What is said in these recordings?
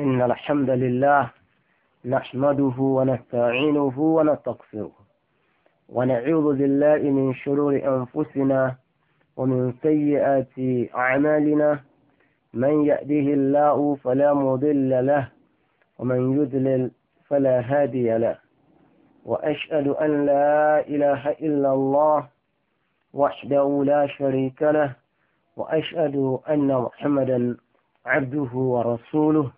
إن الحمد لله نحمده ونستعينه ونستغفره ونعوذ بالله من شرور أنفسنا ومن سيئات أعمالنا من يأده الله فلا مضل له ومن يذلل فلا هادي له وأشهد أن لا إله إلا الله وحده لا شريك له وأشهد أن محمدا عبده ورسوله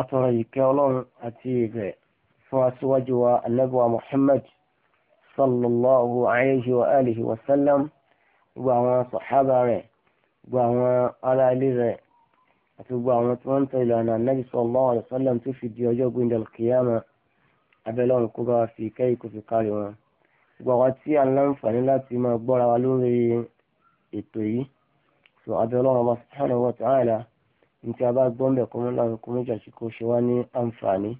atọrọ ìkẹ́ ọlọ́run àti ìrẹ̀ fún aṣíwájú wa anábíwá muhammad sallallahu alayhi wa alihi wa sallam gbogbo àwọn sàhábà rẹ̀ gbogbo àwọn ará ilé rẹ̀ àti gbogbo àwọn tí wọ́n ń tọ ìlànà anábì sallallahu alayhi wa sallam tó fi di ọjọ́ gbìndàl kìyàmà abẹ́lọ́run kó bá fi kẹ́ ìkó fi kárí wọn. gbogbo àwọn tí a láǹfààní láti máa gbọ́ra wa lórí ètò yìí sọ abẹ́lọ́run wa subhanahu wa ta'ala nítí a bá gbọ́ ń bẹ̀ kọ́ mọ́lá kó méjì àti kó ṣe wá ní àǹfààní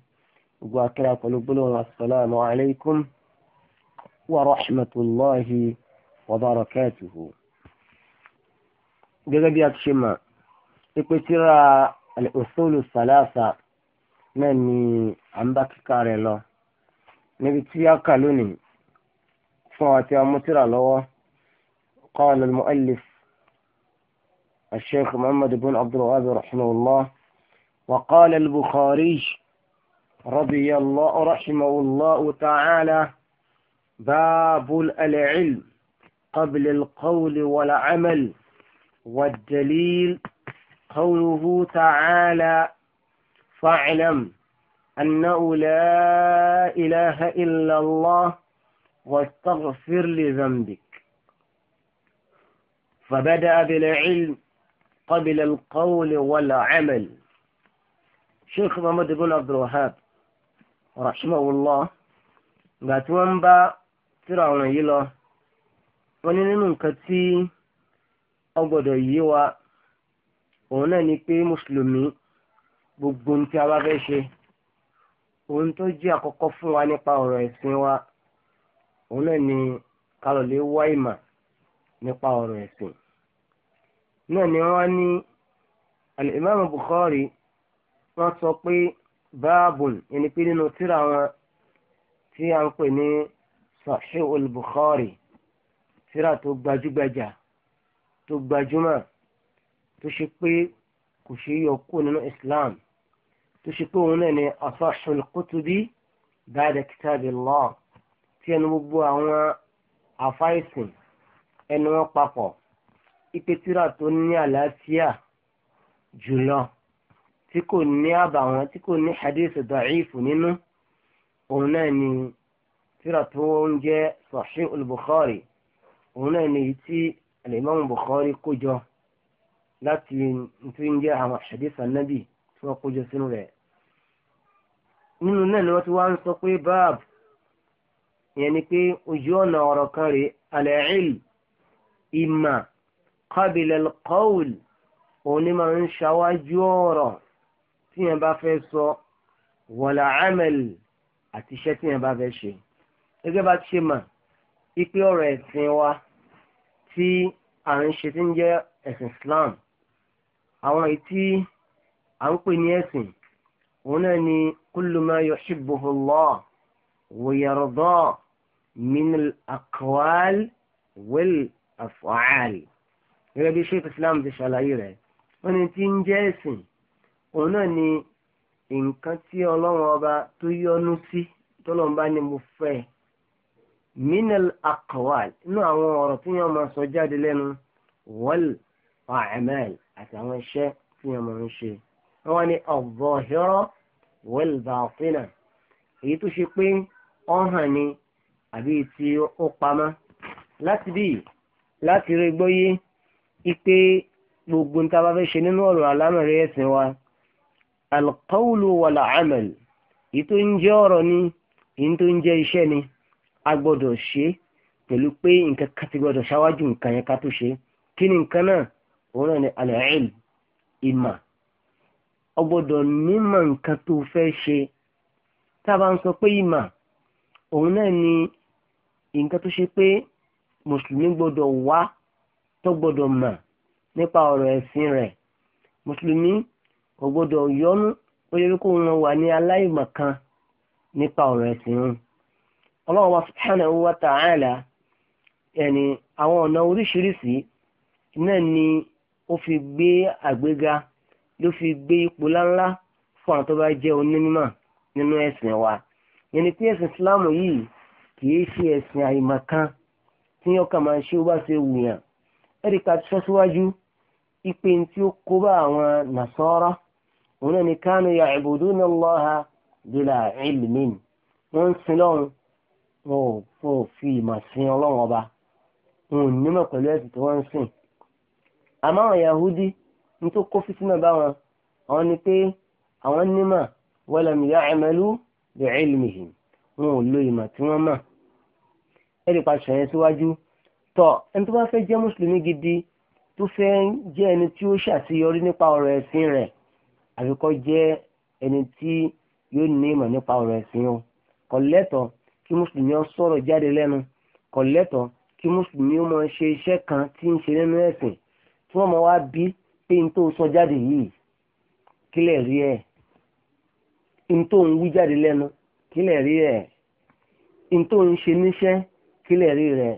gbogbo akẹ́rẹ́ pẹ̀lú gbólóhùn asalaamu alaykum wa rahmatulahi wa barakatuhu. gẹ́gẹ́ bí a ti ṣe mọ̀ pípẹ́ tíra al-usulu salasa náà ni à ń bá kíkà rẹ̀ lọ níbi tí a kà lónìí fún àti amútírà lọ́wọ́ qala al-mu'allif الشيخ محمد بن عبد الوهاب رحمه الله وقال البخاري رضي الله رحمه الله تعالى باب العلم قبل القول والعمل والدليل قوله تعالى فاعلم أنه لا إله إلا الله واستغفر لذنبك فبدأ بالعلم قبل القول والعمل شيخ محمد بن عبد الوهاب رحمه الله غاتوان با تراونا يلو wani nínú nǹkan tí ọgbọ́dọ̀ yé wa òun náà ni pé mùsùlùmí gbogbo ohun tí a bá fẹ́ ṣe ohun tó jẹ́ àkọ́kọ́ fún wa nípa ọ̀rọ̀ ẹ̀sìn wa òun náà ni kálọ̀lé wá ìmọ̀ nípa ọ̀rọ̀ ẹ̀sìn náà ni wọ́n ní al-Imam Bukhari wọ́n sọ pé báàbùn ẹni pé nínú tírà wọn tí a ń pè ní Sahihul Bukhari tírà tó gbajúgbajà tó gbajúmọ̀ tó ṣe pé kò ṣe yọ kó nínú Islam tó ṣe pé òun náà ni asahhul kutubi ba'da kitabillah tí ẹnu gbogbo àwọn afáìsìn ẹnu wọn papọ̀ ìpètúrà tó ní àlàáfíà jùlọ tí kò ní àbàwọ́n tí kò ní hadith da'ifu nínú òun náà ni tíra tó ń jẹ́ Sahih al-Bukhari òun náà ni èyí tí al-Imam Bukhari kó jọ láti tí ń jẹ́ àwọn hadith Ànábì tí wọ́n kó jọ sínú rẹ̀ nínú náà ni wọ́n ti wá ń sọ pé báàbù ìyẹn ni pé ojú ọ̀nà ọ̀rọ̀ kan rèé al-ilm ìmà qabila al-qawl òun ni máa ń ṣáwájú ọ̀rọ̀ tí yẹn bá fẹ́ sọ wala amal àti iṣẹ́ tí yẹn bá fẹ́ ṣe gẹ́gẹ́ bá ti ṣe mà ipe ọ̀rọ̀ ẹ̀sìn wa tí à ń ṣe tí ń jẹ́ ẹ̀sìn Islam àwọn èyí tí ń pè ní ẹ̀sìn òun náà ni kullu ma yuhibbuhu Allah wa yarda min al gẹ́gẹ́ bí sheikh islam ti ṣàlàyé rẹ̀ wọ́n ní tí ń jẹ́ ẹ̀sìn òun náà ni nǹkan tí ọlọ́run ọba tó yọ́nú sí tọ́lọ́run bá ní mo fẹ́ minal aqwal inú àwọn ọ̀rọ̀ tí yẹn máa sọ jáde lẹ́nu wal a'mal àti àwọn iṣẹ́ tí yẹn máa ń ṣe wọ́n ní al-zahira wal èyí tó ṣe pé ọ̀hàn ni àbí tí ó pamọ́ láti bí láti rí gbọ́yé ipe gbogbo ní tábà fẹ́ ṣe nínú ọ̀rọ̀ alámọ̀rẹ́ ẹ̀sìn wa alqawlu wal amal èyí tó ń jẹ́ ọ̀rọ̀ ni èyí tó ń jẹ́ iṣẹ́ ni a gbọ́dọ̀ ṣe pẹ̀lú pé nǹkan kan ti gbọ́dọ̀ ṣáwájú nǹkan yẹn ká tó ṣe kí ni nǹkan náà òun náà ni al-ilm ìmà ọgbọ́dọ̀ nímọ̀ nǹkan tó fẹ́ ṣe tá a bá ń sọ pé ìmà òun náà ni nǹkan tó ṣe pé mùsùlùmí gbọ́dọ̀ wá tó gbọdọ̀ mọ̀ nípa ọ̀rọ̀ ẹ̀sìn rẹ̀ mùsùlùmí kò gbọdọ̀ yọnu ó yẹ kó wọn wà ní aláìmọ̀kan nípa ọ̀rọ̀ ẹ̀sìn wọn. ọlọ́run wa subhanahu wa ta'ala ẹni àwọn ọ̀nà oríṣiríṣi náà ni ó fi gbé àgbéga ló fi gbé ipò láńlá fún àwọn tó bá jẹ́ onímọ̀ nínú ẹ̀sìn wa. yẹn pé ẹ̀sìn Islam yìí kì í ṣe ẹ̀sìn àìmọ̀kan tí ọkàn máa ń ṣe ó bá ṣe wùyàn ẹ̀ríkà sọ síwájú ìpè tí ó kó bá àwọn nàṣọ́rà òun náà ni kánú ya'buduna Allaha bila ilmin wọ́n ń sin lọ́run wọn ò fi ìmọ̀ sin ọlọ́run ọba wọn ò nímọ̀ pẹ̀lú ẹ̀sìn tí wọ́n ń sìn. àmọ́ àwọn Yahudi ní tó kó fìtínà bá wọn àwọn ni pé àwọn nímọ̀ walam ya'malu bi'ilmihim wọn ò lo ìmọ̀ tí wọ́n mọ̀ ẹ̀ríkà sọ̀yẹn síwájú tọ́ ẹni tó bá fẹ́ jẹ́ mùsùlùmí gidi tó fẹ́ jẹ́ ẹni tí ó ṣàṣeyọrí nípa ọ̀rọ̀ ẹ̀sìn rẹ̀ àbí kó jẹ́ ẹni tí yóò ní ìmọ̀ nípa ọ̀rọ̀ ẹ̀sìn o kò lẹ́tọ̀ọ́ kí mùsùlùmí ó sọ̀rọ̀ jáde lẹ́nu kò lẹ́tọ̀ọ́ kí mùsùlùmí ó máa ṣe iṣẹ́ kan tí ń ṣe nínú ẹ̀sìn tí wọ́n máa wá bí pé n tó sọ jáde yìí kílẹ̀ rí ẹ̀ n tó ń wí jáde lẹ́nu kílẹ̀ rí ẹ̀ n tó ń ṣe níṣẹ́ kílẹ̀ rí rẹ̀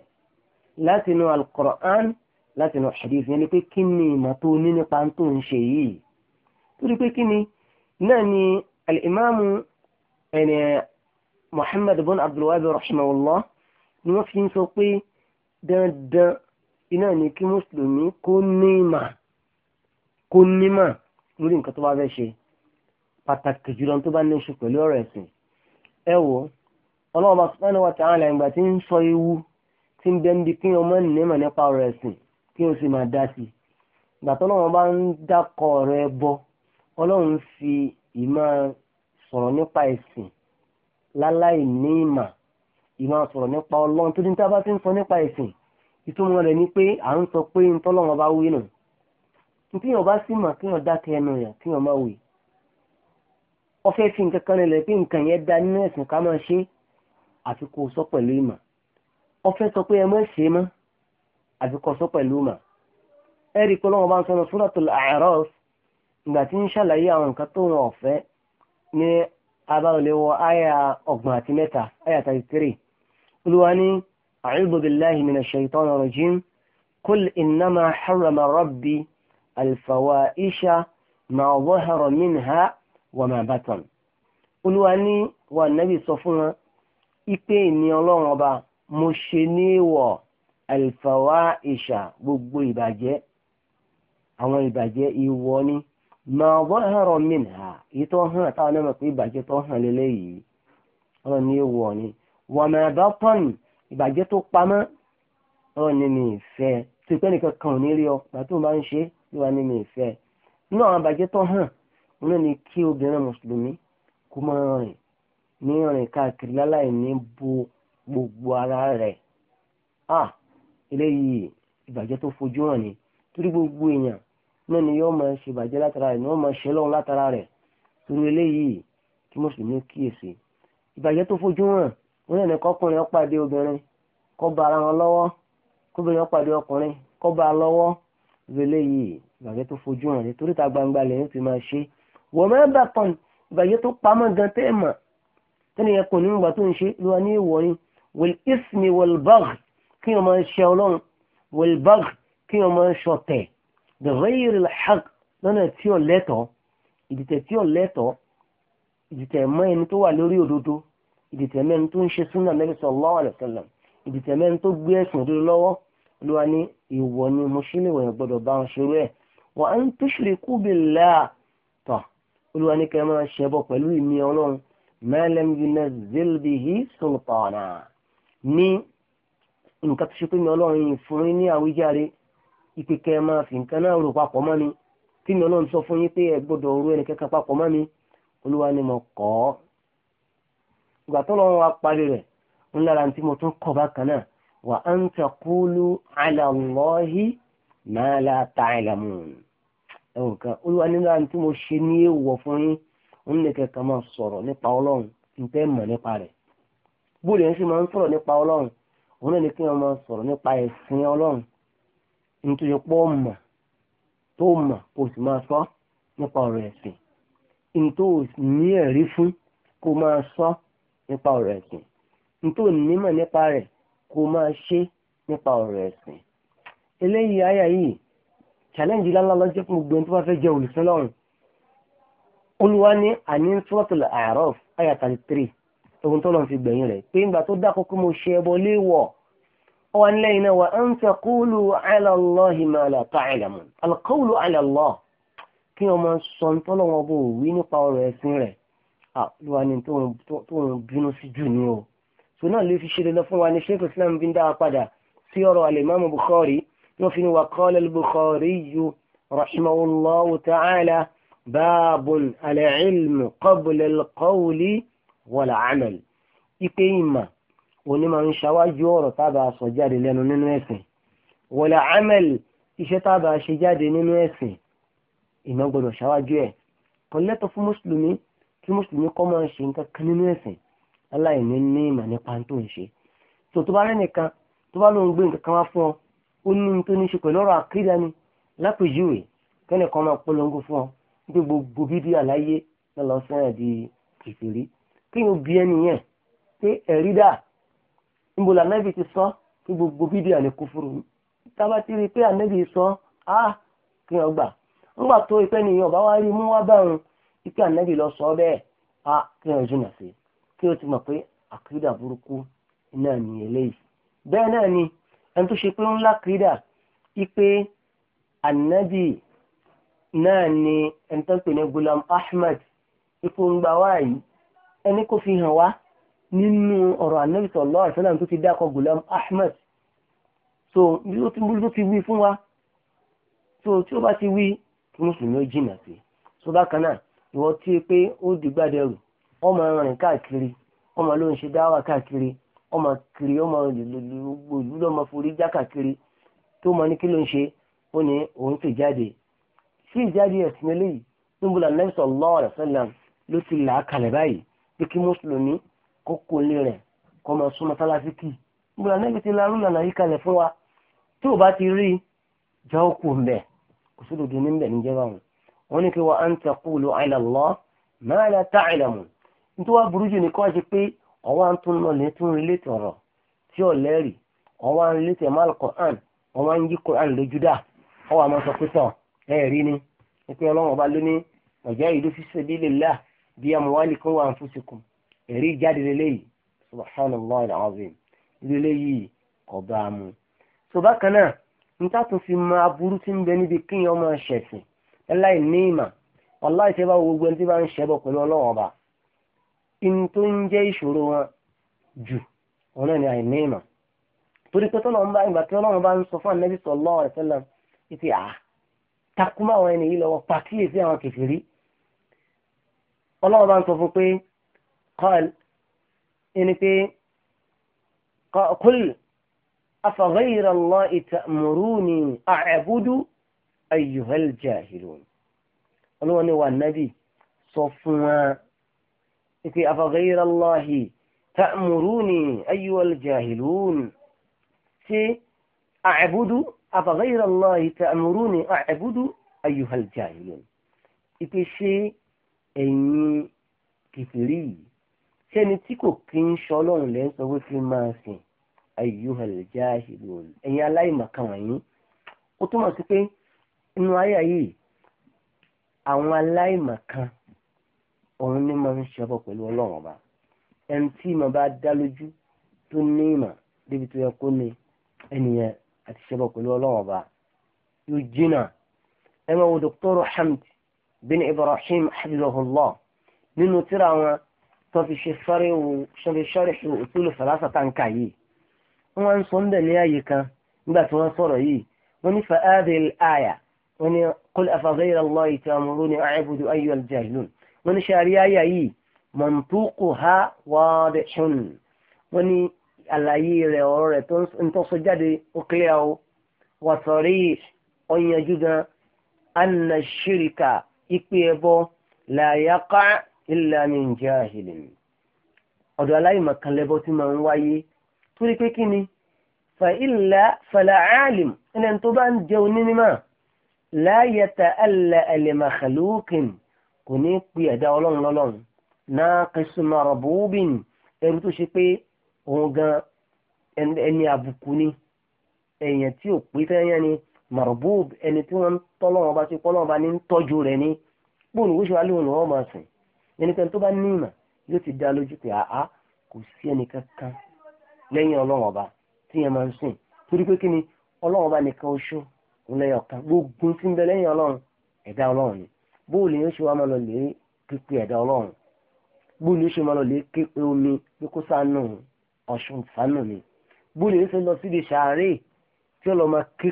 láti inú alukoran láti inú hadith yẹn ni pé kí ni ìmọ̀ tó ní nípa tó ń ṣe yìí torí pé kí ni náà ni alimami ẹni muhammad bin abdulwabi rahimahullah ni wọ́n fi ń sọ pé dandan iná ni kí mùsùlùmí kó ní ìmọ̀ kó ní ìmọ̀ lórí nǹkan tó bá fẹ́ ṣe pàtàkì jùlọ tó bá ní oṣù pẹ̀lú ọ̀rọ̀ ẹ̀sìn ẹ wò ọlọ́run bá subhanahu wa ta'ala ìgbà tí ń sọ ewu tí ń bẹ́ẹ̀ ń di kí ọmọ nímọ̀ nípa ọ̀rọ̀ ẹ̀sìn kí o sì máa dá sí i ìgbà tó lọ́wọ́ bá ń dákọ̀ ọ̀rọ̀ ẹbọ ọlọ́run fi ìmọ̀ sọ̀rọ̀ nípa ẹ̀sìn láláì ní ìmọ̀ ìmọ̀ sọ̀rọ̀ nípa ọlọ́run tó dín tá a bá ti ń sọ nípa ẹ̀sìn ìtumọ̀ rẹ̀ ni pé à ń sọ pé ń tọ́lọ́wọ́ bá wí nù kíyàn bá sì mọ̀ kíyàn dákẹ́ ẹnu yàn kíyàn má wì ọfẹ́ fi nǹkan kan rẹ̀ pé nǹkan yẹn dá nínú ẹ̀sìn ká máa ọfẹ́ sọ pé ẹ mọ́ ṣe mọ́ àfi kọ́ sọ pẹ̀lú mà ẹ rí i pé ọlọ́wọ́ bá ń sọ ní Suratul A'raf ìgbà tí ń ṣàlàyé àwọn nǹkan tó wọn ọ̀fẹ́ ní abáwọléwọ àyà ọgbọ̀n àti mẹ́ta àyà thirty three olúwa ní a'udhu billahi minash shaitani rajim qul innama harrama rabbi alfawaisha ma zahara minha wa ma batan olúwa ní wa nàbì sọ fún wọn ipe ìní ọlọ́run ọba mo ṣe níwọ̀ àlìfàwà ìṣà gbogbo ìbàjẹ́ àwọn ìbàjẹ́ ìwọ ni màá bọ́ ẹ̀rọ mìnà èyí tó hàn táwọn náà mọ̀ pé ìbàjẹ́ tó hàn lélẹ́yìí ọ̀rọ̀ ní ìwọ ni wọ́n máa bá pọ́n ìbàjẹ́ tó pamọ́ ọ̀rọ̀ ní mi ìfẹ́ tó nìkan kan ò ní rí ọ gbà máa ń ṣe ìwà ní mi ìfẹ́ nínú àwọn ìbàjẹ́ tó hàn náà ni kí obìnrin mùsùlùmí kó máa rìn ní rìn káàkiri láláì ní bo gbogbo ara rẹ̀ à eléyìí ìbàjẹ́ tó fojú hàn ni torí gbogbo èèyàn náà ni yóò máa ṣe ìbàjẹ́ látara rẹ̀ ni wọ́n máa ṣe lọ́run látara rẹ̀ torí eléyìí kí mùsùlùmí kíyèsí ìbàjẹ́ tó fojú hàn wọ́n yẹn ní kọ́kùnrin ó pàdé obìnrin kó ba ara wọn lọ́wọ́ kóbìnrin ó ọkùnrin kó ba lọ́wọ́ eléyìí ìbàjẹ́ tó fojú hàn ni torí ta gbangba lẹ́yìn ti máa ṣe wọ́n máa bà kan ìbàjẹ́ tó pamọ́ gan tẹ́ẹ̀mọ̀ tẹ́niyẹn kò ní ìgbà tó ń ṣe ló ní ìwọ̀ wal-ismi wal-baghi kí wọ́n máa ṣe ọlọ́run wal-baghi kí wọ́n máa ṣọ̀tẹ̀ bi-ghayri al-haqq lọ́nà tí ò lẹ́tọ̀ọ́ ìdìtẹ̀ tí ò lẹ́tọ̀ọ́ ìdìtẹ̀ mọ́ ẹni tó wà lórí òdodo ìdìtẹ̀ mẹ́ni tó ń ṣe súnà Nabi sallallahu alaihi wasallam ìdìtẹ̀ mẹ́ni tó gbé ẹ̀sìn òdodo lọ́wọ́ olúwa ní ìwọ ni mo ṣe léwọ̀ yẹn gbọ́dọ̀ bá wọn ṣerú ẹ̀ wa an tushriku billah tọ̀ olúwa ní kẹ́ máa ṣẹbọ pẹ̀lú ìmí ọlọ́run ma lam yunazzil bihi sultana ní nǹkan tó ṣe pé mi ọlọ́run yìí fún yín ní àwíjàre ìpè kẹ́ ẹ máa fi nǹkan náà rò papọ̀ mọ́ ni tí mi ọlọ́run sọ fún yín pé ẹ gbọ́dọ̀ rú ẹnì kẹ́kẹ́ papọ̀ mọ́ ni olúwa ni mo kọ́ ọ́ ìgbà tó lọ́wọ́ wa parí rẹ̀ ń lára tí mo tún kọ̀ bákan náà wa an taqulu ala Allahi ma la ta'lamun ẹ̀wọ̀n kan olúwa nílá tí mo ṣe ní èèwọ̀ fún yín ń lè kẹ́kẹ́ máa sọ̀rọ̀ nípa ọlọ́run tí tẹ́ mọ̀ nípa rẹ̀ bóòlù yẹn sì máa ń sọ̀rọ̀ nípa ọlọ́run òun náà ni kí wọ́n máa sọ̀rọ̀ nípa ẹ̀sìn ọlọ́run nítorí pọ́ mọ̀ tó mọ̀ kò sì máa sọ nípa ọ̀rọ̀ ẹ̀sìn nítorí ní ẹ̀rí fún kó máa sọ nípa ọ̀rọ̀ ẹ̀sìn nítorí nímọ̀ nípa rẹ̀ kó máa ṣe nípa ọ̀rọ̀ ẹ̀sìn eléyìí àyà yìí challenge ńláńlá lọ jẹ́ fún gbogbo ẹni tó bá fẹ́ jẹ́ olùsìn olúwa ní àní suratul A'raf àyà 33 ohun tó lọ́n fi gbẹ̀yìn rẹ̀ pé ńgbà tó dákọ̀ kó mo ṣe ẹbọ léèwọ̀ ọ wà nílẹ̀ iná wa an taqulu ala Allahi ma la ta'lamun al-qawlu ala Allah kí ọmọ sọ ń tọ́lọ̀ wọn bó wí nípa ọ̀rọ̀ ẹ̀sìn rẹ̀ àlùwà ni tó ń bínú sí jù ní o tó náà lè fi ṣe dandan fún wa ní sheikh islam bí ń dáa padà sí ọ̀rọ̀ alimami bukhari wọ́n fi ni wa qala bukhari yu rahimahullahu ta'ala babun al-ilm qabla al wala amal ipe ìmọ̀ òní máa ń ṣáwájú ọ̀rọ̀ tábà sọ jáde lẹ́nu nínú ẹ̀sìn wala amal iṣẹ́ tábà ṣe jáde nínú ẹ̀sìn ìmọ̀ gbọdọ̀ ṣáwájú ẹ̀ kò lẹ́tọ̀ fún mùsùlùmí kí mùsùlùmí kọ́ máa ṣe nǹkan kan nínú ẹ̀sìn aláìní ní ìmọ̀ nípa tó ń ṣe tó tó bá rẹ́ nìkan tó bá lóun gbé nǹkan kan wá fún ọ ó ní kí n bí ẹni yẹn pé ẹ̀rí dà níbo la nẹ́bí ti sọ kí gbogbo fídíò àlẹ́ kó fúru tába ti rí i pé ànẹ́bí sọ á kí wọ́n gbà ńgbà tó ìpẹ́ nìyẹn ọ̀bá wa rí mú wá bá òun ìpè ànẹ́bí lọ sọ bẹ́ẹ̀ á kí wọ́n jìnnà sí kí o ti mọ̀ pé àkídà burúkú náà ní eléyìí bẹ́ẹ̀ náà ni ẹni tó ṣe pé ńlá kídà ìpè ànẹ́bí náà ni ẹni tó ń pè ní Gulam Ahmed ìpò ńgbà wáyìí ẹni kò fi hàn wá nínú ọ̀rọ̀ Ànábì sallallahu alaihi wasallam tó ti dákọ̀ Gulam Ahmed so ló ti wí fún wa so tí ó bá ti wí mùsùlùmí ó jìnà sí so bákan náà ìwọ tí ó pé ó dìgbàdẹrù ọmọ rìn káàkiri ọmọ ló ń ṣe dáwà káàkiri ọmọ kiri ọmọ ìlú lọmọ forí já káàkiri tó mọ ní kí ló ń ṣe ó ní òun ti jáde sí ìjáde ẹ̀sìn eléyìí níbo la Ànábì sallallahu ló ti là á kalẹ̀ báyìí pé kí mùsùlùmí kó kó lé rẹ̀ kó máa sún mọ́sálásí kì í gbọ́dọ̀ anábì ti la rúlà náà yí kalẹ̀ fún wa tí ò bá ti rí ìjà òkú mbẹ̀ kò sí níbẹ̀ níjẹ́ báwọn wa an taqulu ala Allah ma la ta'lamun nítorí wàá burú jù ní kó wá ṣe pé ọwọ́ à ń lọ lè tún relé tọ̀rọ̀ tí ò lẹ́rì ọwọ́ à relé máa ọwọ́ yí lójú bí amwalikum wa anfusikum ẹ̀rí jáde lélẹ́yìí subhanallah alazim lélẹ́yìí ọba mu. tó bákan náà n ta tún fi máa burú tí ń bẹ níbi kíyàn ọmọ ṣẹ̀sìn ẹláì ní ìmà wallahi tẹ́ bá gbogbo ẹni tí bá ń ṣẹbọ pẹ̀lú ọlọ́wọ́n ọba in tó ń jẹ́ ìṣòro wọn jù wọn náà ni àìní ìmà torí pé tọ́lọ́wọ́n bá ìgbà tí ọlọ́wọ́n bá ń sọ fún ànábì ọlọ́run bá ń sọ fún pé kọ́l ẹni pé kọ́l afghayra Allahi ta'muruni a'budu ayyuhal jahilun ọlọ́run ni wà nábì sọ fún wa pé afghayra Allahi ta'muruni ayyuhal jahilun ṣe a'budu afghayra Allahi ta'muruni a'budu ayyuhal jahilun ìpèsè ẹ̀yin kìfìrí yìí sẹ́ni tí kò kí ń sọ ọlọ́run lẹ́ ń sọ pé kí n máa sìn ayyuhal jahilun ẹ̀yin aláìmọ̀kan wọ̀nyí ó túmọ̀ sí pé inú ayé yìí àwọn aláìmọ̀kan òun ni máa ń ṣọbọ pẹ̀lú ọlọ́run ọba ẹni tí mo bá dá lójú tó ní ìmọ̀ débi tó yẹ kó ní ẹnìyẹn àti ṣọbọ pẹ̀lú ọlọ́run ọba yóò jìnnà ẹ máa wo Dr. Hamdi bin ibrahim hafizahullah nínú tíra wọn tó fi ṣe sọ́rí ṣe òtúlù fàlásà táǹkà yìí wọ́n ń sọ ń bẹ̀ ní ààyè kan nígbà tí wọ́n sọ̀rọ̀ yìí wọ́n ní fa'adil aya wọ́n ní qul afaghayra allahi ta'muruni a'budu ayyuhal jahilun wọ́n ní ṣàrí àyà yìí mantuquha wadihun wọ́n ní àlàyé rẹ̀ ọ̀rọ̀ rẹ̀ tó ń tọ́sọ jáde ó kílẹ̀ o wàtọ̀rí ọ̀yànjú gan anna shirika ipe ẹbọ la yaqa illa min jahilin ọ̀dọ̀ aláìmọ̀kan lẹ́bọ tí máa ń wáyé torí pé kí ni fa illa fala alim ẹni tó bá ń jẹ onímọ̀ la yata'alla li makhluqin kò ní pe ẹ̀dá ọlọ́run lọ́lọ́run naqis marbubin ẹrú tó ṣe pé òun gan ẹni àbùkù ni èèyàn tí ò pé fẹ́yàn ni. marbub ẹni tí wọ́n ń bá ti pọ́lọ́wọ́n bá ní ń tọ́jú rẹ̀ ní bóun wíṣọ alẹ́ òun máa sìn ẹnikẹ́ni tó bá ní ìmọ̀ yóò ti dá lójú pé àá kò sí lẹ́yìn tí yẹn máa ń sìn torí pé kí ni ọlọ́wọ́n nìkan oṣù lẹ́yìn ọ̀kan gbogbo tí ń bẹ lẹ́yìn ọlọ́run ẹ̀dá ọlọ́run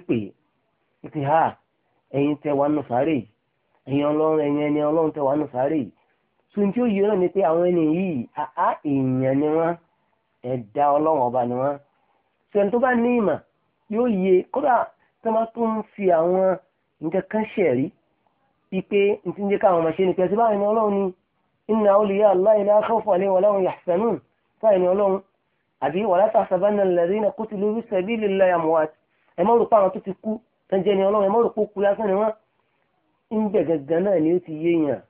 ni ṣe pípé ha ẹ̀yin tẹ wà nù sáré yìí ẹ̀yin ọlọ́run ẹ̀yin ẹni ọlọ́run tẹ wà nù sáré yìí tún tí ó yẹ náà ni pé àwọn ẹni yìí àá èèyàn ni wọ́n ẹ̀dá ọlọ́run ọba ni wọ́n sẹ́ni tó bá ní ìmọ̀ yóò yẹ kódà tó máa tún ń fi àwọn nǹkan kan ṣẹ̀rí pípé ntí ń jẹ́ káwọn ọmọ ṣe ni pẹ̀sí báyìí ni ọlọ́run ni inna awliya Allah la khawfun alayhim wa la báyìí ni ọlọ́run àbí wala tahsabanna alladhina qutilu fi sabilillahi amwat ẹ má rò pé àwọn tó ti kú tẹ́jẹ́ ni ọlọ́run ẹ mọ́rò kó kúlẹ̀ asán ni wọ́n ń bẹ̀ gangan náà ni ó ti yéèyàn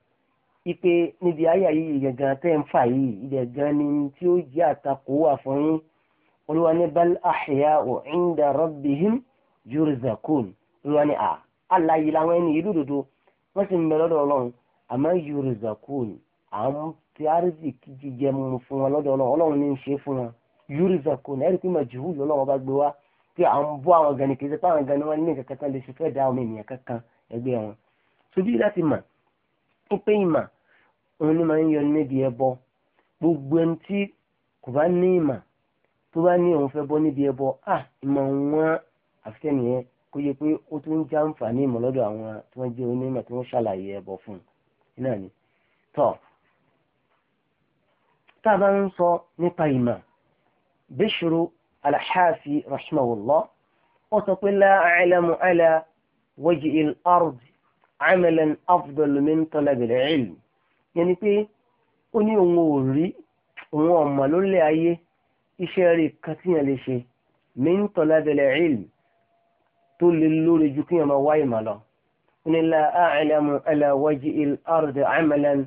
ipe níbi ayé yìí gangan tẹ́ ń fà yìí ilẹ̀ gan ni tí ó jẹ́ àtakò wà fún yín olúwa ní bal ahya'u 'inda rabbihim yurzakun olúwa ní à aláyé làwọn ẹni yìí lódodo wọ́n sì ń bẹ lọ́dọ̀ ọlọ́run àmọ́ yurzakun àwọn tí arziki jíjẹ mu fún wọn lọ́dọ̀ ọlọ́run ọlọ́run ní í ṣe fún wọn yurzakun ẹ̀rí pé màjúwù lọ́lọ́run bá gbé wá tí à ń bọ́ àwọn gan ni kì í ṣe pé àwọn gan ni wọ́n ní kankan tán lè ṣe fẹ́ da ọmọ ènìyàn kankan ẹgbẹ́ wọn sojú láti mà ń pé ìmà òun ni máa ń yọ níbi ẹbọ gbogbo ẹni tí kò bá ní ìmà tó bá ní òun fẹ́ bọ́ níbi ẹbọ à ìmọ̀ wọn àfikẹ́nìyẹn kó yẹ pé ó tún ń já àǹfààní ìmọ̀ lọ́dọ̀ àwọn tí wọ́n jẹ́ onímọ̀ tí wọ́n ṣàlàyé ẹbọ fún un náà ni alḥaafi rahimahullah wọ́n sọ pé la a'lamu ala wajhi al-ard amalan afdal min talab al-ilm yẹn ni pé ó ní òun ò rí òun ọ̀mà lórílẹ̀ ayé iṣẹ́ rí kan tí yẹn lè ṣe min talab al-ilm tó lè lórí ju kí yẹn máa wáyé mà lọ. إن لا أعلم على وجه الأرض عملا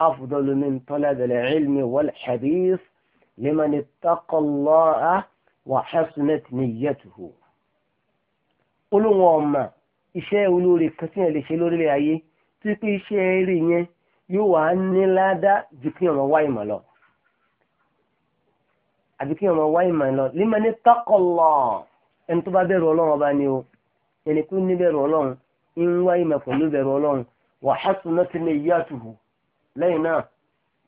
أفضل من طلب العلم والحديث لمن اتقى الله wa hasunat niyyatuhu olóhùn ọmọ iṣẹ́ olóore kan tí yẹn lè ṣe lórílẹ̀ ayé tí pé iṣẹ́ rẹ̀ yẹn yóò wá ní ládàá ju kí ọmọ wá ìmọ̀ lọ àbí kí ọmọ wá ìmọ̀ lọ lima ní takọlọ ẹni tó bá bẹ̀rù ọlọ́run ọba ni o ẹni tó ní bẹ̀rù ọlọ́run ń wá ìmọ̀ pẹ̀lú bẹ̀rù ọlọ́run wa hasunat niyyatuhu lẹ́yìn náà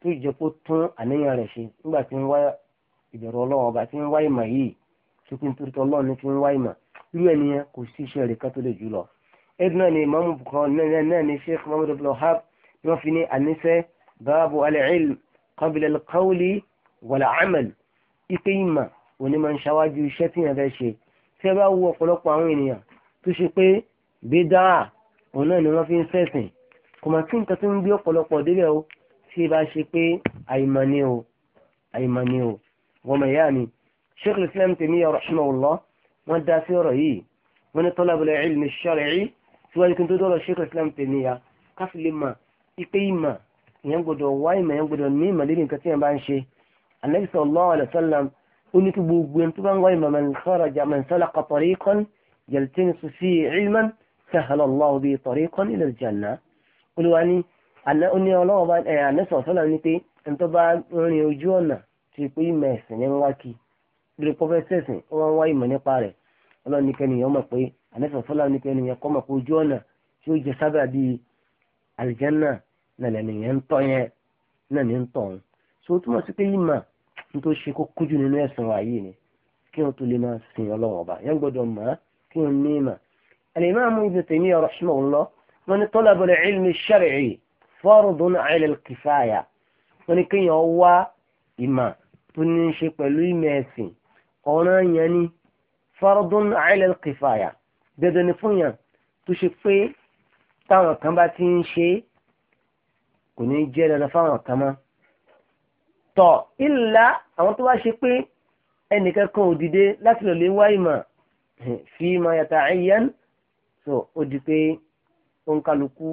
tó jẹ́ kó tún àníyàn rẹ̀ ṣe nígbà tí ń wá ìbẹ̀rù ọlọ́run ọba tí ń wá ìmọ̀ yìí tuntun tó tọ́ ọlọ́run tí ń wá ìmọ̀ irú ẹnìyẹn kò sí iṣẹ́ rẹ̀ kan tó lè jù lọ. ẹ̀dùn náà ni imaamu kan náà ni sheikh muhammad abdul wahab ni wọ́n fi ní àníṣe báàbò al-ilm qabla al-qawli wal-amal ipe ìmọ̀ òní máa ń iṣẹ́ tí yẹn fẹ́ ṣe tí ẹ bá wo ọ̀pọ̀lọpọ̀ àwọn ènìyàn tó ṣe pé bídà òun náà ni wọ́n fi ń ṣẹ̀sìn kò mà sí nǹkan tó ń gbé ọ̀pọ̀lọpọ̀ débẹ̀ o tí ẹ bá ṣe pé àìmọ̀ ni o àìmọ̀ ni o wọ́mọ̀ ìyá mi sheikh islam tèmíyà rahimahullah wọ́n dá sí ọ̀rọ̀ yìí wọ́n ní talabul ilmi shar'i síwájú kí n tó dọ́rọ̀ sheikh islam tèmíyà káfílẹ̀ mà ipe ìmà ìyẹn gbọdọ̀ wá ìmà ìyẹn gbọdọ̀ ní ìmà lórí nǹkan tí yẹn bá ń ṣe anabi sallallahu alayhi wa sallam ó ní kí gbogbo ẹni tó bá ń wá ìmà man kharaja man salaqa tariqan yaltamisu fihi ilman sahala Allahu bihi tariqan ila al-jannah olùwà ni àná ó ní ọlọ́wọ́ bá ẹ̀ àná sọ̀tọ́lá ní pé ẹni tó bá rìn ojú ọ̀nà ti pé ìmọ̀ ẹ̀sìn ní wá kí lórí pọ́fẹ́sẹ̀sìn wọ́n wá ìmọ̀ nípa rẹ̀ ọlọ́run nìkẹ́niyàn mọ̀ pé ànẹ́fẹ̀ fọlá nìkẹ́niyàn kọ́ mọ̀ pé ojú ọ̀nà tí ó jẹ sábà bíi àlìjánà nàlẹ́ nìyẹn ń tọ́ yẹn náà ní ń tọ̀ ọ́n so ó túmọ̀ sí pé ìmọ̀ ní tó ṣe kó kújù nínú ẹ̀sìn wa yìí ni kí wọ́n tó lè máa sin ọlọ́run ọba yẹn gbọ́dọ̀ mọ̀ kí wọ́n ní ìmọ̀ الإمام ابن تيمية رحمه الله من طلب العلم الشرعي فرض على الكفاية ولكن هو إمام tó ní í ṣe pẹ̀lú ìmọ̀ ẹ̀sìn ọ̀ràn yẹn ni fardun ala kìfàyà dandan ni fún yàn tó ṣe pé táwọn kan bá ti ń ṣe kò ní jẹ́ dandan fáwọn kan mọ́ tọ̀ ìlà àwọn tó wá ṣe pé ẹnìkan kan láti lọ lè wá ìmọ̀ eh, fi ma yàtà ayyan so ó di pé òǹkàlùkù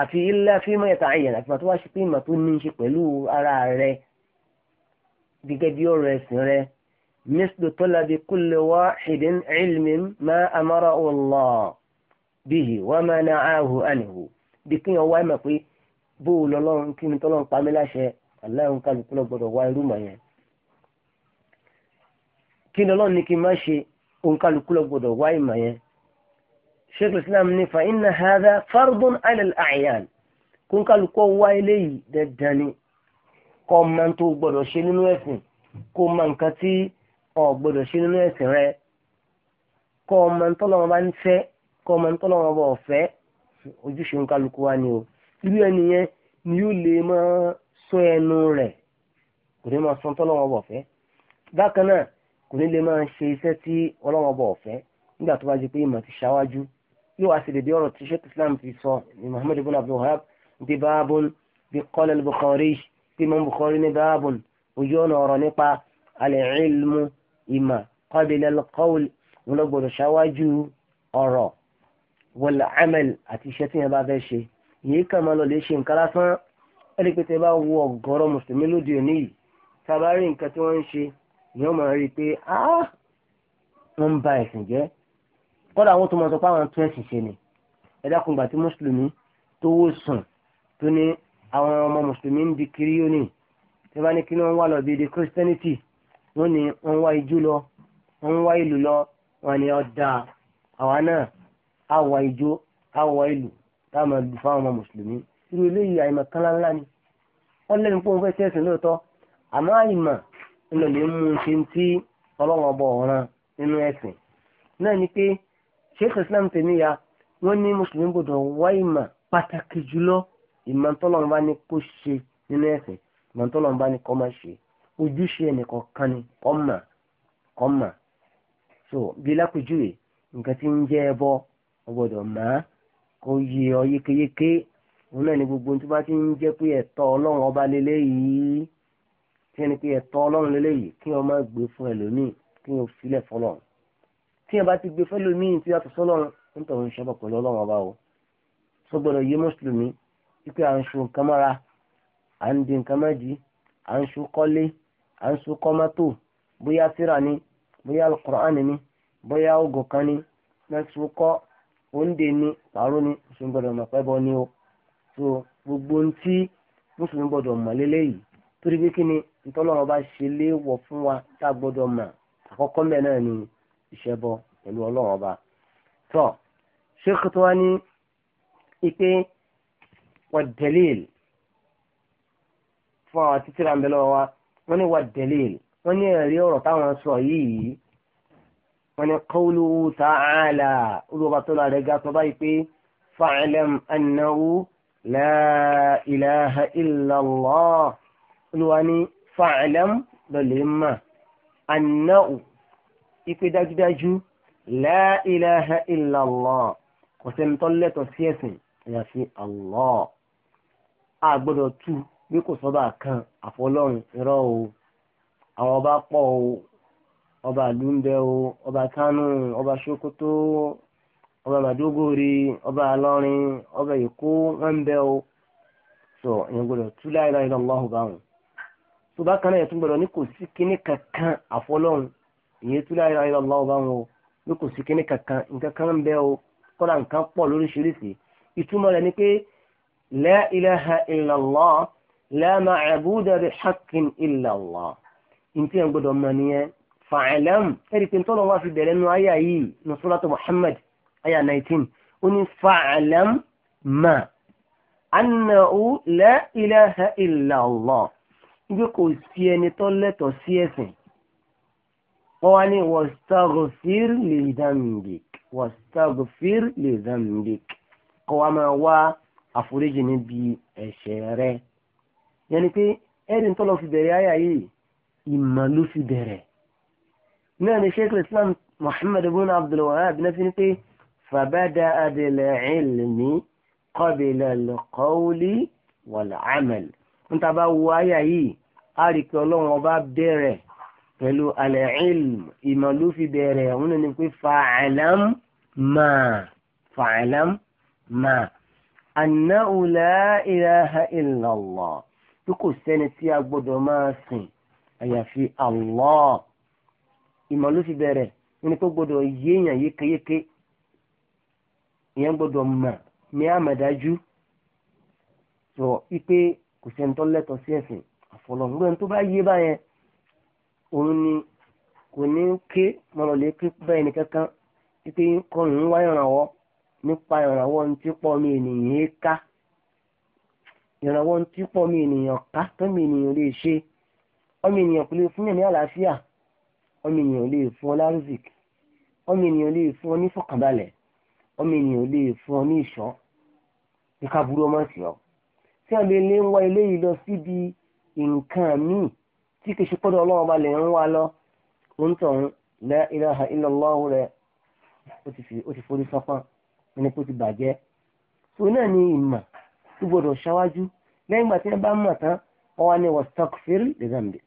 àfi ìlà fi ma yàtà ayyan àfi màá tó wá ṣe pé ìmọ̀ tó ní ṣe pẹ̀lú ara rẹ̀ gẹ́gẹ́ bí ọ̀rọ̀ ẹ̀sìn rẹ mislu talabi kulli wahidin ilmin ma amara Allah bihi wa ma na'ahu anhu bí kí wọ́n wáyé mọ̀ pé bó o lọ lọ́run kí ni tọ́lọ́run pa mí láṣẹ aláìhùn kálukú lọ gbọ́dọ̀ wá irú mọ̀ yẹn kí ni ọlọ́run ní kí n má ṣe òǹkálukú lọ gbọ́dọ̀ wá ìmọ̀ yẹn sheikh islam ní fa inna hadha fardun ala al-a'yan kóńkálukú wá eléyìí dandan ni kó mọ tó gbọ́dọ̀ ṣe nínú ẹ̀sìn kó mọ nǹkan tí o gbọ́dọ̀ ṣe nínú ẹ̀sìn rẹ kó mọ tọ́lọ́wọ́ bá ń fẹ́ kó mọ tọ́lọ́wọ́ bá ọ̀fẹ́ ojúṣe ń kálukú wa ni o irú ẹni yẹn ni yóò lè máa sọ ẹnu rẹ̀ kò ní máa sọ tọ́lọ́wọ́ bá ọ̀fẹ́ bákan náà kò ní lè máa ṣe iṣẹ́ tí ọlọ́wọ́ bá ọ̀fẹ́ nígbà tó bá jẹ́ pé ìmọ̀ ti ṣáwájú yóò wá sí dèdè ọ̀rọ̀ tí sheikh islam fi sọ ní muhammad ibn abdul wahab bí báàbùn bí qala al-bukhari tí mo ń Bukhari ní báàbùn ojú ọ̀nà ọ̀rọ̀ nípa al-ilmu ìmọ̀ qabla al-qawl wọn lọ gbọdọ̀ ṣáwájú ọ̀rọ̀ wal-amal àti iṣẹ́ tí yẹn bá fẹ́ ṣe yìí kàn máa lọ lè ṣe nǹkan lásán ẹni pé tẹ bá wo ọ̀gọ̀rọ̀ mùsùlùmí lóde òní yìí tá nǹkan tí wọ́n ń ṣe yóò máa rí i pé ah, wọ́n ń ba ẹ̀sìn jẹ́ kọ́dà àwọn tó máa sọ pé àwọn tún ẹ̀sìn ṣe ni ẹ dákun gbà tí mùsùlùmí tó wò sùn tó ní àwọn ọmọ mùsùlùmí ń di kiriyóni tí wọ́n ní kí wọ́n wá lọ bí di christianity wọ́n ní wọ́n wá ijú lọ wọ́n wá ìlú lọ wọ́n ní ọ̀dà àwa náà á wá ijó á wá ìlú táwọn máa lù fáwọn ọmọ mùsùlùmí irú eléyìí àìmọ̀ kan láńlá ni wọ́n lẹ́nu pé òun fẹ́ sẹ́sìn lóòótọ́ àmọ́ àìmọ̀ ńlẹ̀ lè mú ṣe tí ọlọ́wọ́n bọ̀ ọ̀ràn nínú ẹ̀sìn náà ni pé sheikh islam tèmíya wọ́n ní mùsùlùmí gbọ́dọ̀ wá ìmọ̀ pàtàkì jùlọ ìmọ̀ntọ́lọ́run bá ní kó ṣe nínú ẹ̀sìn ìmọ̀ntọ́lọ́run bá ní kó má ṣe ojúṣe ẹnìkan kan ni ọmọ ọmọ so bí lápèjúwe nǹkan tí ń jẹ́ ẹbọ ọgbọ́dọ̀ mọ́ kó yí ọ yékéyéké òun náà ni gbogbo tó bá ti ń jẹ́ pé ẹ̀tọ́ ọlọ́run ọba lélẹ́yìí tí ẹni pé ẹ̀tọ́ ọlọ́run lélẹ́yìí kí wọ́n má gbé fún ẹlòmíì kí wọ́n filẹ̀ fọlọ́run tí wọ́n bá ti gbé fẹ́lòmíì tí wọ́n ti sọ́lọ́run ń tọ̀run ìṣẹ́bọ̀ pẹ̀lú ọlọ́run ọba o sọ yé mùsùlùmí wípé à ń so nǹkan mọ́ra à ń di nǹkan mọ́jì à ń so kọ́lé à ń so kọ́mọ́tò bóyá tírà ni bóyá alukur'an ni bóyá oògùn kan ni mẹ́sùn kọ́ òǹdè ni pàrọ̀ ni mùsùlùmí gbọ́dọ̀ mọ̀ pẹ́ bọ́ ni o so gbogbo ohun tí mùsùlùmí gbọ́dọ̀ mọ̀ lélẹ́yìí torí pé kí ni ìtọ́lọ́wọ́ bá ṣe léèwọ̀ fún wa tá a gbọ́dọ̀ mọ̀ àkọ́kọ́ mẹ́ náà ni ìṣẹ́bọ pẹ̀lú ọlọ́wọ́ bá tọ́ ṣé kí tó wá ní ipe والدليل فتترى بلوا وني والدليل وني اليورو تاوان سويي وني قوله تعالى لغة الأرقاء تضيفي فاعلم أنه لا إله إلا الله وني فاعلم بلما أنه إكداج داجو لا إله إلا الله وسنطلت سيسن يا في الله a gbọ́dọ̀ tú bí kò sọ́ba kan àfọlọ́run irọ́ o àwọn ọba pọ̀ o ọba àlùmbẹ o ọba kánú ọba sokoto ọba màdógóri ọba alọrin ọba èkó wọn bẹ o sọ ìyẹn gbọ́dọ̀ tú la báwọn tó bá kan náà yẹn tún ní kò sí kíní kankan àfọlọ́run ìyẹn tú báwọn o ní kò sí kíní kankan nǹkan لا إله إلا الله لا معبود بحق إلا الله انت يقول أمانية فعلم تريد أن الله في بلان آية هي نصرة محمد آية 19 وني فعلم ما أنه لا إله إلا الله يقول سيني طلت وسيسن قواني واستغفر لذنبك واستغفر لذنبك قواما وا àforíjì níbi ẹ̀ṣẹ̀ rẹ yẹn ni pé ẹ̀rìn tọ́lọ fi bẹ̀rẹ̀ àyà yìí ìmọ̀ ló fi bẹ̀rẹ̀ náà ni sheikh islam muhammad ibn abdul wahab náà fi ni pé fàbádà adìlẹ̀ ilmi qabila al-qawli wal-amal níta bá wo àyà yìí a rí pé ọlọ́run ọba bẹ̀rẹ̀ pẹ̀lú al-ilm ìmọ̀ ló fi bẹ̀rẹ̀ òun ni pé fa'alam ma fa'alam ma annahu la ilaha illa Allah bí kò sẹ́ni tí a gbọ́dọ̀ máa sìn àyàfi Allah ìmọ̀ ló fi bẹ̀rẹ̀ ní kó gbọ́dọ̀ yéèyàn yékéyéké ìyẹn gbọ́dọ̀ mọ̀ ní àmàdájú sọ wípé kò sẹ́ni tó lẹ́tọ̀ọ́ sí ẹ̀sìn àfọlọ́ngbọ́n tó bá yé báyẹn òun ni kò ní ké mọ̀lọ́lẹ́ báyẹn nìkankan wípé kọrin wáyé ràn wọ́n. nípa ìrànwọ́ tí pọ̀ eka ènìyàn ká ìrànwọ́ tí pọ̀ mi ènìyàn ká tó mi ènìyàn lè ṣe ọmọ ènìyàn kò lè fún yàn ní àlàáfíà ọmọ ènìyàn lè fún ọ lárúzìk ọmọ ènìyàn lè fún ọ ní fọkànbalẹ̀ ọmọ ènìyàn lè fún ọ ní ìṣọ́ ìka burú ọmọ sí ọ tí a lè lé ń wá ilé ti ẹni kó ti bàjẹ́ so náà ni ìmọ̀ tó gbọdọ̀ ṣáwájú lẹ́yìn ìgbà tí wọ́n bá mọ̀ tán wọ́n wá ní wastaghfir li dhanbik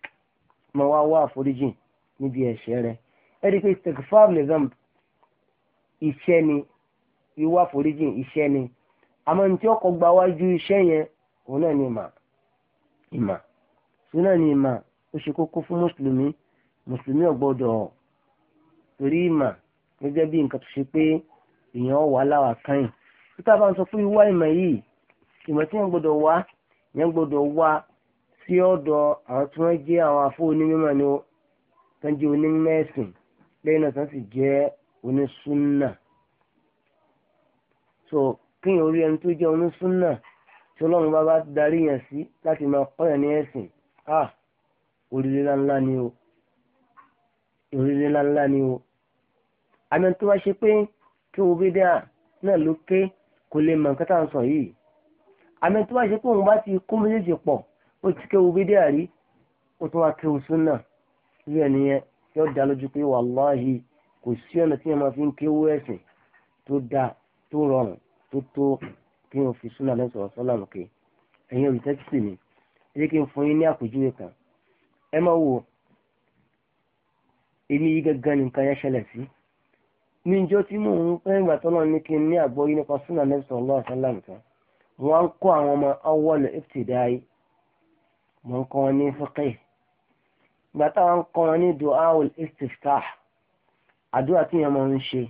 mọ̀ wá wá àforíjì níbi ẹ̀ṣẹ̀ rẹ̀ ẹ rí i pé istighfar li dhanb iṣẹ́ ni ìwà àforíjì iṣẹ́ ni àmọ́ ní tí ọkọ̀ gba wájú iṣẹ́ yẹn òun náà ni ìmọ̀ ìmọ̀ so náà ni ìmọ̀ ó ṣe kókó fún mùsùlùmí mùsùlùmí ò torí ìmọ̀ gẹ́gẹ́ bí nǹkan tó ṣe pé èèyàn wà láwà kan yìí tá a bá ń sọ pé wá ìmọ̀ yìí ìmọ̀ tí wọ́n gbọ́dọ̀ wá yẹn gbọ́dọ̀ wá sí ọ̀dọ̀ àwọn tí wọ́n jẹ́ àwọn afọ onímọ̀ ni ó tán jẹ́ onímọ̀ ẹ̀sìn lẹ́yìn náà tán sì jẹ́ onísúnnà so kíyàn orí ẹni tó jẹ́ onísúnnà tí ọlọ́run bá bá darí yẹn sí láti máa kọ́yàn ní ẹ̀sìn ah oríire ńlá ni o oríire ńlá ni o àmì tó bá ṣe pé kí wo bídà náà ló ké kò lè mọ nǹkan tá à ń sọ yìí àmì tó bá ṣe pé òun bá ti kó méjèèjì pọ̀ ó ti ké wo bídà rí ó tún wá ké wo súnà irú ẹni yẹn yóò dá lójú pé wàláhì kò sí ọ̀nà tí yẹn máa fi ń ké wó ẹ̀sìn tó dáa tó rọrùn tó tó kí n fi súnà lẹ́sọ̀rọ̀ sọ́là lókè ẹ̀yin olùtẹ́kìsì mi ẹ jẹ́ kí n fún yín ní àpèjúwe kan ẹ máa wò èmi yí gángan nìkan yẹn ṣẹlẹ̀ sí. Si ní ìjọ tí mò ń pẹ́ ìgbà tó lọ ní kí n ní àgbọ́yé nípa súnà Nabi sallallahu alaihi wasallam tán wọ́n ń kọ́ àwọn ọmọ awwal ibtidai mò ń kọ́ wọn ní fiqh ìgbà táwọn ń kọ́ wọn ní du'aul istiftah àdúrà tí yẹn máa ń ṣe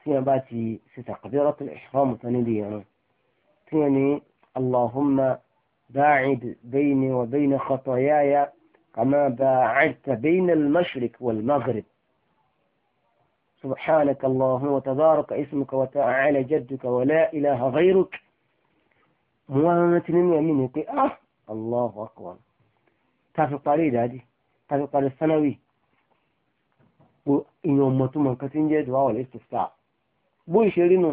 tí yẹn bá ti ṣe takbiratul ihram tán níbi ìrun tí yẹn ní allahumma ba'id bayni wa bayna khatayaya kama ba'adta bayna al-mashriq wal-maghrib سبحانك اللهم وتبارك اسمك وتعالى جدك ولا إله غيرك موانت من يمينك آه الله أكبر تافي قريد هذه تافي قريد الثانوي إن أمتو من كتن جاء دعاء والاستفتاء bó ìṣe rí nu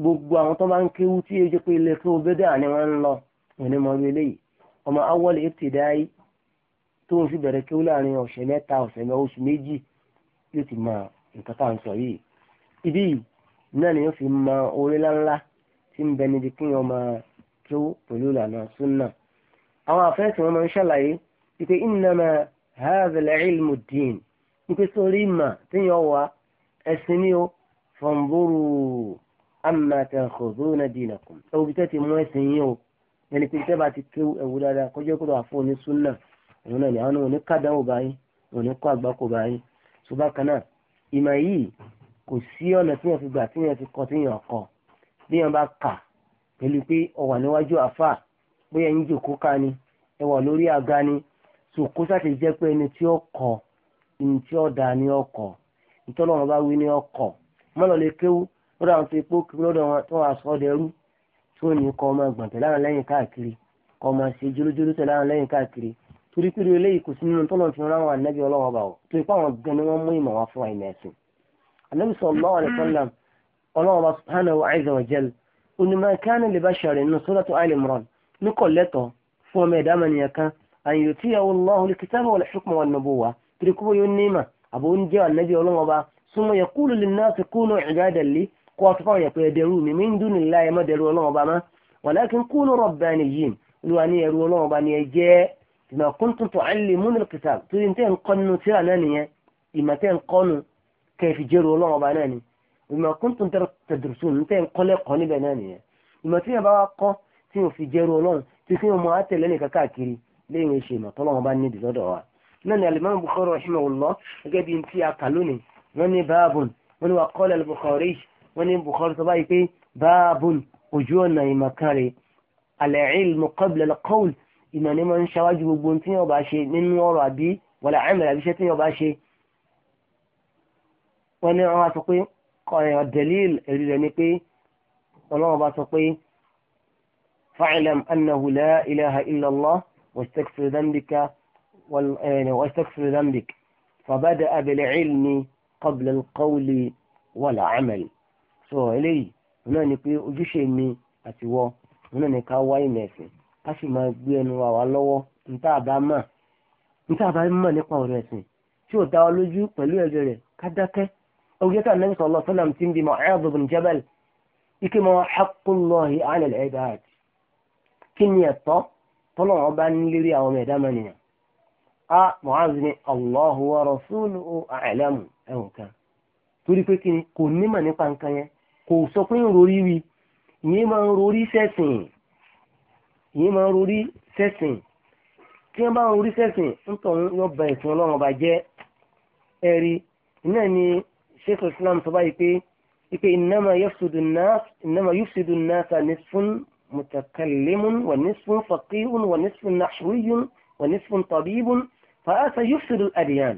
gbogbo àwọn tó bá ń kéwú tí èjì pé ilé kí wọ́n bẹ́dẹ̀ àní wọ́n ń lọ òní mọ orí eléyìí ọmọ awọ́lẹ̀ ètè dáì tó ń fi bẹ̀rẹ̀ kéwú láàrin ọ̀sẹ̀ mẹ́ta ọ̀sẹ̀ mẹ́ oṣù méjì yóò ti mọ nǹkan tá à ń sọ yìí ibi náà ni yóò fi mọ orí ńláńlá tí ń bẹ níbi kí wọn máa kíw pẹ̀lú ìlànà súnà àwọn àfẹ́sì wọn máa ń ṣàlàyé wípé innama hadhal ilmu din wípé sórí ìmọ̀ téèyàn wà ẹ̀sìn ni ó fanzuru amma ta'khuduna dinakum ẹ̀wù bí tẹ́tì mú ẹ̀sìn yín o ẹni pé tẹ́ bá ti kíw ẹ̀wù dáadáa kọjá kúrò àfọ̀ ní súnà òun náà ni àwọn oníkàdáwò báyìí òun àgbákò báyìí tó bá kan náà ìmọ̀ yìí kò sí ọ̀nà tí wọ́n fi gbà tí wọ́n fi kọ́ tí wọ́n kọ́ bí wọ́n bá kà pẹ̀lú pé ó wà níwájú àfà bóyá ń jòkó ká ni ẹ wà lórí àga ni sòkó sáti jẹ́ pé ẹni tí ó kọ́ ẹni tí ó dáa ni ó kọ́ ìtọ́lọ́ wọn bá wí ni ó kọ́ mọ́lọ́lẹ̀ kéwú lọ́dọ̀ àwọn tó epo kiri lọ́dọ̀ wọn tó wàá sọ́ dẹrú tí ní kọ́ ọmọ gbọ̀ntẹ̀ láwọn lẹ́yìn káàkiri kọ́ ọmọ ṣe jólójóló tẹ̀ láwọn lẹ́yìn káàkiri torí pé eléyìí kò sí nínú tọ́lọ̀ fi rán àwọn ànábì ọlọ́wọ́ bá ọ torí pé àwọn gan ni wọ́n mú ìmọ̀ wá fún àìmọ̀ ẹ̀sìn ànábì sallallahu alaihi wasallam ọlọ́wọ́ bá subhanahu wa azza wa jal ma kana li basharin nínú suratu Al Imran ní kò lẹ́tọ̀ fún ọmọ ẹ̀dá mẹ́niyàn kan an yutiyahu Allahu al-kitaba wal hukma wan nubuwwa torí kúbọ̀ yóò ní mà ọlọ́wọ́ ní ẹ̀rú ìmọ̀ kúntùn tó àìlèmúnú kìtà tó yín tẹ́ ń kọ́ nínú tíra náà nìyẹn ìmọ̀ tẹ́ ń kọ́ nu kẹfì jẹ́rù ọlọ́run ọba náà ni ìmọ̀ kúntùn tẹ́ tẹ̀dùrùsùn tẹ́ ń kọ́ lẹ́kọ̀ọ́ níbẹ̀ náà nìyẹn ìmọ̀ tí yẹn bá wá kọ́ tí yóò fi jẹ́rù ọlọ́run tí fi mọ àtẹ̀lẹ́ nìkan káàkiri lẹ́yìn iṣẹ́ ìmọ̀ tọ́lọ́run bá níbi lọ́dọ̀ wa náà ni alimami bukhari rahimahullah gẹ́gẹ́ bíi ti akalóni wọ́n ní báàbùn wọ́n ní wàkọ́lẹ̀ bukhari bukhari sọ báyìí pé báàbùn ojú qabla al ìmọ̀ ni máa ń ṣáwájú gbogbo tí yóò bá ṣe nínú ọ̀rọ̀ àbí wàlà àmì àbí iṣẹ́ tí yóò bá ṣe. wọ́n ní wọ́n á sọ pé kọ̀ọ̀yàn dẹ̀líl ẹ̀rí rẹ̀ ni pé ọlọ́run bá sọ pé fa'lam annahu la ilaha illallah واستغفر ذنبك واستغفر ذنبك فبدأ بالعلم قبل القول والعمل so eléyìí náà ni pé ojúṣe mi àtiwọ́ náà ni ká wá ìmẹ̀sìn ká sì máa gbé ẹnu wa wá lọ́wọ́ níta àbá mọ̀ níta àbá mọ̀ nípa ọ̀rọ̀ ẹ̀sìn tí ò dá wa lójú pẹ̀lú ẹ̀rẹ̀ rẹ̀ ká dákẹ́ ọgbẹ́ ká nẹ́bí sọ̀lọ́ sọ́nà tí ń di Mu'adh bin Jabal ike mọ́ haqqullahi 'ala al-'ibad kí ni ẹ̀tọ́ tọ́lọ́wọ́n bá ní lérí àwọn ẹ̀dá mọ́nìyàn a Mu'adh ni Allahu wa rasuluhu a'lamu ìyẹn máa ń rorí sẹ́sìn tí wọ́n bá ń rorí sẹ́sìn ń tọ̀ ń yọ ba ẹ̀sìn ọlọ́run ọba jẹ́ ẹ̀rí náà ni sheikh islam sọ báyìí pé ipe innama yufsidu nnas innama yufsidu nnasa nisfun mutakallimun wa nisfun faqihun wa nisfun nahwiyyun wa nisfun tabibun فهذا يفسد الأديان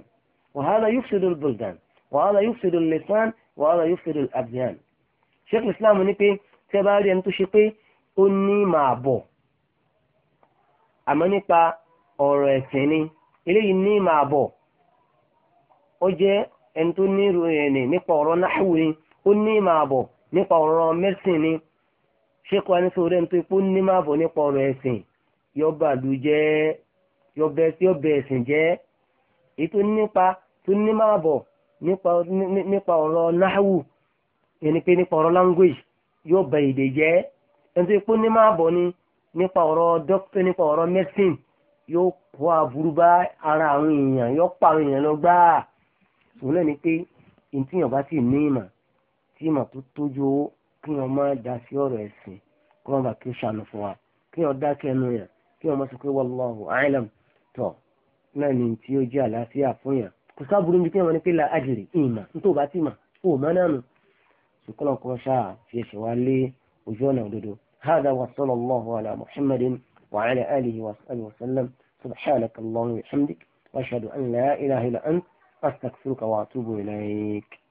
وهذا يفسد البلدان وهذا يفسد اللسان وهذا يفسد الأبدان شيخ الإسلام ní pé tẹ́ bá rí ẹni tó ṣe pé ó ní máa bọ̀ àmọ́ nípa ọ̀rọ̀ ẹ̀sìn ni eléyìí ní máa bọ̀ ó jẹ́ ẹni tó ní ìròyìn ẹ̀nì nípa ọ̀rọ̀ náhùn ni ó ní máa bọ̀ nípa ọ̀rọ̀ mẹ́sìn ni ṣé kọ́ ẹni sọ̀rọ̀ ẹni tó ipò ní máa bọ̀ nípa ọ̀rọ̀ ẹ̀sìn yọbàlú jẹ́ yọbẹ tí ó bẹ ẹ̀sìn jẹ́ èyí tó nípa tó ní máa bọ̀ nípa ọ̀rọ̀ náhùn ẹni pé nípa ọ̀rọ̀ language yóò bẹ èdè jẹ́ ẹni tó ipò ní máa bọ̀ ni nípa ọ̀rọ̀ dókítà nípa ọ̀rọ̀ mẹ́sìn yóò kó aburú bá ara àwọn èèyàn yóò pa àwọn èèyàn lọ gbáà òun náà ni pé ìtìyàn bá sì ní ìmọ̀ tí ìmọ̀ tó tójú owó kí wọ́n má dá sí ọ̀rọ̀ ẹ̀sìn kí wọ́n bá kí ó ṣàánú fún wa kí wọ́n dákẹ́ ẹnu yàn kí wọ́n má sọ pé wallahu a'lam tọ̀ náà ni tí ó jẹ́ àlàáfíà fún yàn kò sábúrú níbi kí wọ́n ní pé la àjèrè ìmọ̀ nítorí bá ti mọ̀ kó o mọ́ náà nù ṣùkọ́lọ́kọ́ ṣáà fi ẹ̀ṣẹ̀ wa lé ojú ọ̀nà òdodo هذا وصلى الله على محمد وعلى آله وصحبه وسلم سبحانك اللهم وبحمدك وأشهد أن لا إله إلا أنت أستغفرك وأتوب إليك